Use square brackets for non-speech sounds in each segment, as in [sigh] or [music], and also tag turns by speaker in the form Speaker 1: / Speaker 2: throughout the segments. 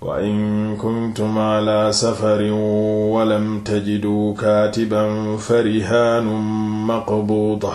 Speaker 1: wa in kuntum ala safarin walam tajidu kaatiban fa rihaanun maqbuuda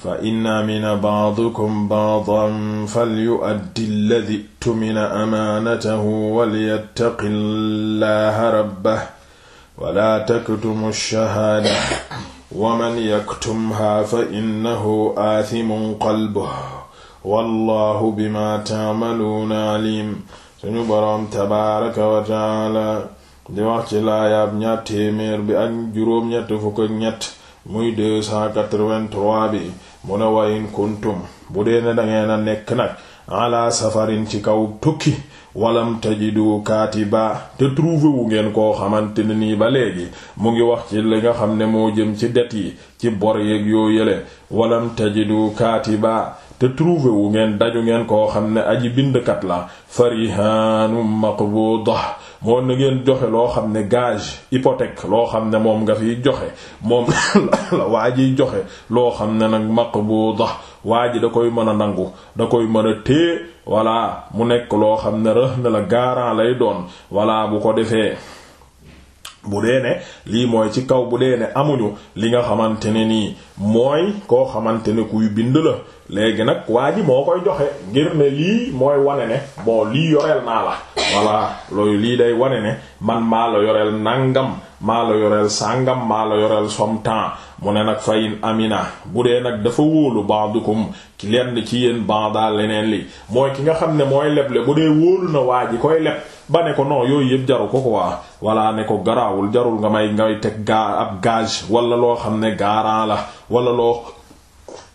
Speaker 1: fa in amina ba'dukum ba'dan falyu'addi alladhi tumina amaanatahu walyattaqi llaha rabbah wala taktumu shahaada waman yaktumha fa innahu aathimun qalbuhu wallahu bima ta'maluuna aliim suñu boroom tabaaraka wa taala di wax ci laayaab ñaar téeméer bi ak juróom-ñett fukk ak ñett muy 283 bi mu ne wayin kuntum bu dee ne dangeen a nekk nag ala safarin ci kaw tukki walam tajidu kaatiba te trouvé wu ngeen koo xamante ne nii ba léegi mu ngi wax ci li nga xam ne moo jëm ci det yi ci bor yeeg yoo yële walam tajidu kaatiba te trouvé wu ngeen daju ngeen koo xam ne aji bindkat la farihanum maqbuda moo na ngeen joxe loo xam ne gage hypothèque loo xam ne moom nga fiy joxe moom [laughs] la waa joxe loo xam ne nag maqbuda waa ji da koy mën a nangu da koy mën a téye voilà mu nekk loo xam ne rëx na la garant lay doon voilà bu ko defee bu dee ne lii mooy ci kaw bu dee ne amuñu li nga xamante ne nii mooy koo xamante ne kuy bind la léegi nag waa ji moo koy joxe ngir ne lii mooy wane ne bon lii yoreel naa la voilà loolu lii day wane ne man maa la yoreel nangam. maa la yoreel sàngam maa la yoreel somtan mu ne nag fayin amina bu dee nag dafa wóolu baadukum ki lenn ci yéen daal leneen li mooy ki nga xam ne mooy leble bu dee wóolu na waa ji koy leb ba ne ko non yooyu yëpp jaru ko ko waa walaa ne ko garaawul jarul nga may ngay teg gaa ab gage wala loo xam ne gaaraan la wala loo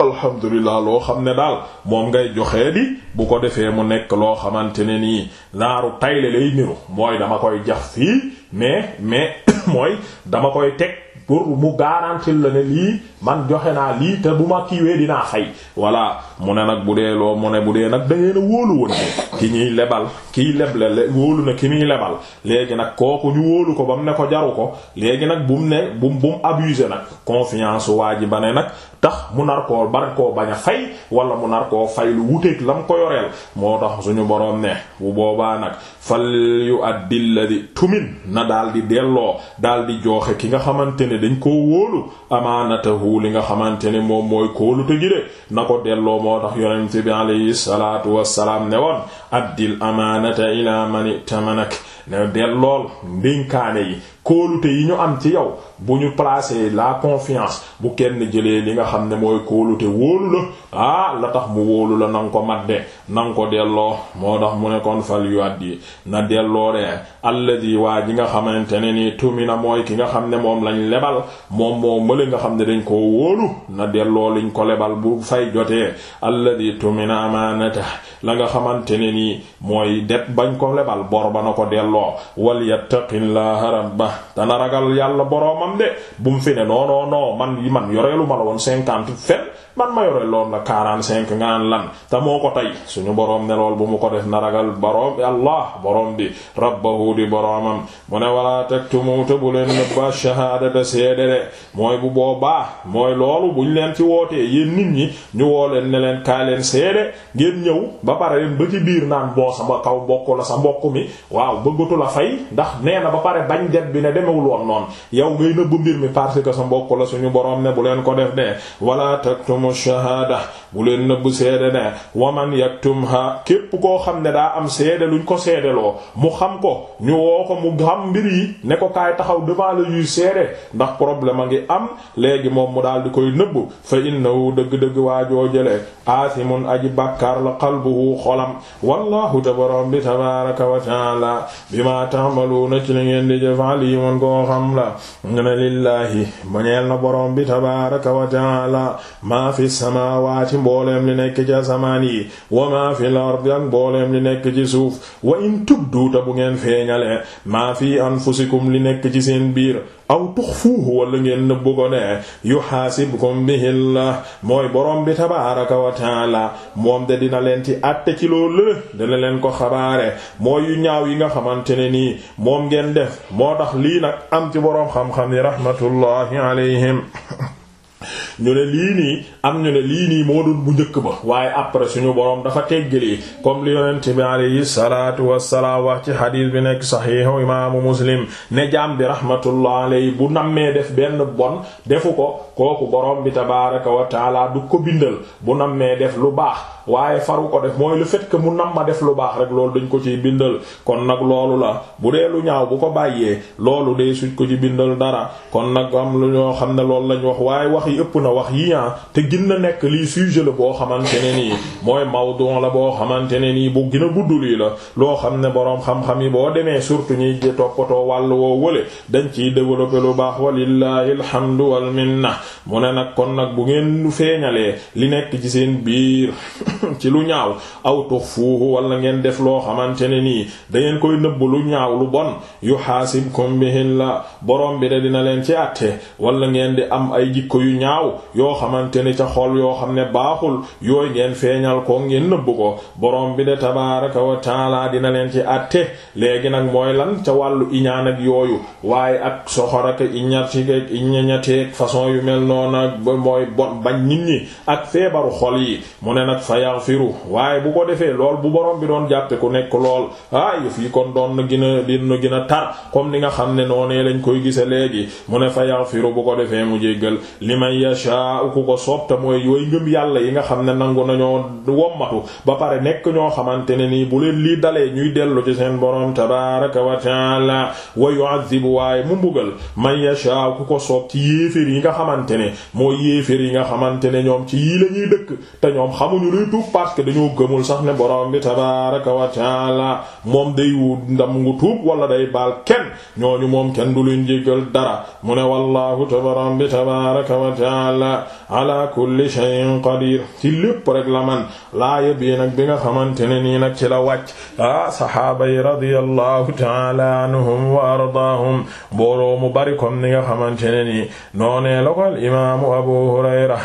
Speaker 1: alhamdulilah loo xam ne daal moom ngay joxee di bu ko defee mu nekk loo xamante ne nii naaru tayle lay niru mooy dama koy jax fii mais mais [coughs] mooy dama koy teg. pour mu garantir la ne lii man joxe naa lii te bu ma kiiwee dinaa fay voilà mu ne nag bu dee loo mu ne bu dee nag da ngeen a wóolu woon ki ñuy lebal kiy leble le wóolu na ki muy lebal léegi nag kooku ñu wóolu ko ba mu ne ko jaru ko léegi nag bu mu ne bu mu bu mu abusé nag confiance waa ji ba ne nag tax mu nar koo bar koo bañ a fay wala mu nar koo fay lu wuteeg la mu ko yoreel moo tax suñu boroom ne bu boobaa nag fal yu addil la di tumin na daal di ne ko koo wóolu amaanatahu li nga xamante ne moom mooy kóolute gi de na ko delloo moo tax yonent bi alayhi salaatu wassalaam ne woon addil amaanata ila man tamanak ne del lool ndénkaane yi kóolute yi ñu am ci yow bu ñu placer la confiance bu kenn jëlee li nga xam ne mooy kóolute wóolu la ah la tax mu wóolu la na ko mat de na nga ko delloo moo tax mu ne kon fal yu addi na delloo de alladi waa ji nga xamante ne ni tumina mooy ki nga xam ne moom lañ lebal moom moo mële nga xam ne dañ koo wóolu na delloo liñ ko lebal bu fay jotee alladi tumina amaanata la nga xamante ne ni mooy det bañ ko lebal bor ba na ko delloo farloo wal yattaqillaha rabba dana ragal yàlla boroomam de bu mu fi ne non non non man yi man yoreelu ma la woon cinquante fen man ma yoreel loon na quarante cinq ngaan lan te moo ko tey suñu boroom ne lool bu mu ko def na ragal boroom allah boroom bi rabbahu di boroomam mu ne walaa taktumu te bu leen nëbba shahaadata seede de mooy bu baa mooy loolu buñ leen ci wootee yéen nit ñi ñu woo leen ne leen kaay seede ngeen ñëw ba pare leen ba ci biir naan bëggatu la fay ndax nee na ba pare bañ det bi ne demewul woon noonu yow ngay nëbb mbir mi parce que sa mbokk la suñu borom ne bu leen ko def ne waman yaktumha képp koo xam ne daa am seede luñ ko seedeloo mu xam ko ñu woo ko mu xam mbir yi ne ko kaay taxaw devant le juge seede ndax problème a ngi am léegi moom mu daal di koy nëbb fa innahu dëgg-dëgg waajoo jële aasimun aji bàkkaar la qalbuhu xolam wallahu tabarak wa taala bi ma ta'maluna ci li ngeen di jëf alimun koo xam la nga ne lillaahi na borom bi tabaaraka wa ta'ala maa fi samaawaati mbooleem li nekk ci asamaan yi wa maa fi al-ardi li nekk ci suuf wa in tubdu ta bu ngeen feeñale maa fi anfusikum li nekk ci seen biir aw tuxfuuhu wala ngeen nëbbu ko ne yuhaasibkum bihillah mooy boroom bi tabaaraka wa taala moom de dina leen ci àtte ci loolu la dina leen ko xabaare mooy yu ñaaw yi nga xamante ne nii moom ngeen def moo tax lii nag am ci boroom xam-xam yi rahmatullahi alayhim ñu ne lii nii am ñu ne lii nii moo doon bu njëkk ba waaye après suñu boroom dafa teggali comme li yonent bi alayhi salaatu wassalaam wax ci xadiis bi nekk saxiixu imaamu muslim ne jaam bi rahmatullah alayhi bu nammee def benn bon defu ko kooku boroom bi tabaaraka wa taala du ko bindal bu nammee def lu baax waaye faru ko def mooy lu fait mu nam ma def lu baax rek loolu dañ ko ciy bindal kon nag loolu la bu dee lu ñaaw bu ko bàyyee loolu dee suñ ko ci bindal dara kon nag am lu ñoo xam ne loolu lañ wax waaye wax yi ëpp na wax yi ah te gin na nekk lii sujet la boo xamante ne nii mooy mawdu la boo xamante ne nii bu gën a gudd lii la loo xam ne boroom xam-xam yi boo demee surtout ñuy toppatoo wàll woo wële dañ ciy développer lu baax walillahi alhamdu wal minna mu ne nag kon nag bu ngeen feeñalee li nekk ci seen biir [coughs] ci lu ñaaw aw tuxfuuhu wala ngeen def loo xamante ne nii da ngeen koy nëbb lu ñaaw lu bon yu xaasibkum bihin la borom bi de dina leen ci àtte wala ngeen di am ay jikko yu ñaaw yoo xamante ne ca xol yoo xam ne baaxul yooyu ngeen feeñal ko ngeen nëbb ko borom bi de tabaaraka dina leen ci àtte léegi nag mooy lan ca wàllu iñaan ak yooyu waaye ak soxor ak iññateeg iññateeg façon yu mel noonu ak mooy bon bañ nit ñi ak feebaru xol yi mu ne nag fa yaghfiru waaye bu ko defee lool bu borom bi doon jàppe ku nekk lool ah yëf yi kon doon na gën a dina gën a tar comme ni nga xam ne noonee lañ koy gise léegi mu ne fa yaghfiru bu ko defee mu jéggal li may yasha ku ko sopp te mooy yooyu ngëm yàlla yi nga xam ne nangu nañoo wommatu ba pare nekk ñoo xamante ne nii bu leen lii dalee ñuy dellu ci seen borom tabaaraka wa ta'ala wa yu'adhibu waaye mu mbugal may yasha ku ne mooy yéeféer yi nga xamante ne ñoom ci yii la ñuy dëkk te ñoom xamuñu luy tuub parce que dañoo gëmul sax ne borom bi tabaraka wa taala moom day ndam ngu tuub wala day baal kenn ñooñu moom kenn du luñ jéggal dara mu ne wallahu tabaram bi tabaraka wa taala ala kulli shay'in qadir ci lépp rek la man laaya bii nag bi nga xamante ne nii nag ci la wàcc ah sahaaba yi radiyallahu taala anhum wa ardaahum booloo mu bari comme ni nga xamante ne nii noonee la ko imaamu abu hurayra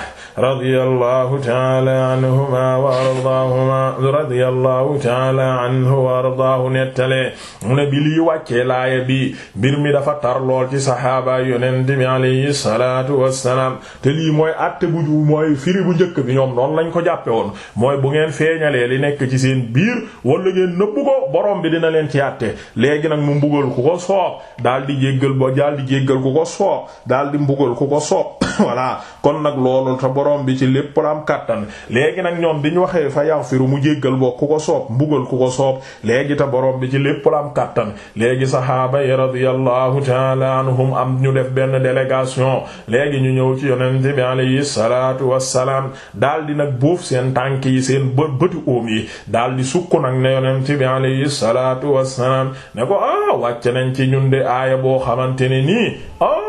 Speaker 1: radiyallahu taala anhuma wa ardaahuma radiyallahu taala anhu wa ardaahu nettalee mu ne bi lii wàccee laaya bi mbir mi dafa tar lool ci sahaaba yonent bi alayhi salaatu wassalaam te lii mooy atte bu mooy firi bu njëkk bi ñoom noonu lañ ko jàppe woon mooy bu ngeen feeñalee li nekk ci seen biir wala ngeen nëbb ko borom bi dina leen ci àtte léegi nag mu mbugal ku ko soob daal di jéggal ba daal di jéggal ku ko soob daal di mbugal ku ko soob [laughs] voilà kon nag loolu te borom bi ci lépp la am kàttan léegi nag ñoom bi ñu waxee fa yaghfiru mu jéggal boo ku ko soob mbugal ku ko soob léegi ta boroom bi ci lépp la am kàttan léegi sahaaba yi radiyallahu taala anhum am ñu def benn délégation léegi ñu ñëw ci yonente bi alayhi salaatu wassalaam dal di nag boof seen tànk yi seen bë bëti óom yi daal di sukk nag ne yonente bi alayhi salaatu wassalaam ne ko ah wàcc nañ ci ñun de aaya boo xamante ne nii ah,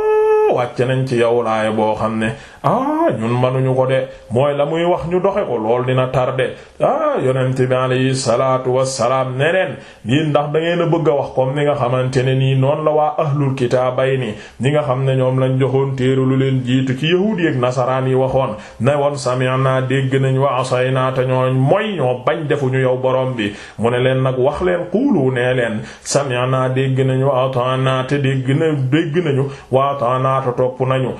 Speaker 1: wàcc nañ ci yow laaya boo xam ne ah ñun manuñu ko de mooy la muy wax ñu doxe ko lool dina tardé ah yonent bi alayhi salaatu wassalaam ne leen lii ndax da ngeen a bëgg a wax comme ni nga xamante ne nii noonu la waa ahlul kitaabay ni ñi nga xam ne ñoom lañ joxoon téere lu leen jiitu ci yahuudi ak nasaraan yi waxoon ne woon sami'na dégg nañ wa asayna te ñooñ mooy ñoo bañ defuñu yow borom bi mu ne leen nag wax leen quulu ne leen naa dégg nañu wa ata'na te dégg na dégg nañu wa ata'na te topp nañu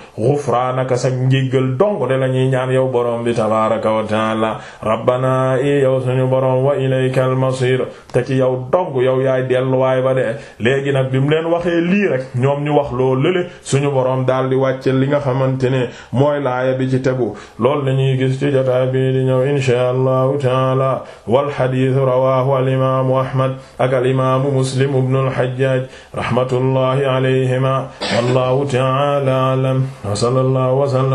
Speaker 1: njéggal dong de la ñuy ñaan yow borom bi tabaraka wa taala rabbana i yow suñu borom wa ilayka almasir te ci yow dong yow yaay delluwaay ba de léegi nag bi mu leen waxee lii rek ñoom ñu wax loo lële suñu boroom daal di wàcce li nga xamante ne mooy laaya bi ci tegu lool la ñuy gis ci jotaay bi di ñëw inshaa allahu taala walxaditu rawahu alimaamu ahmad ak alimaamu muslim ibnu alhajjaj rahmatullahi alayhima wallahu taala alam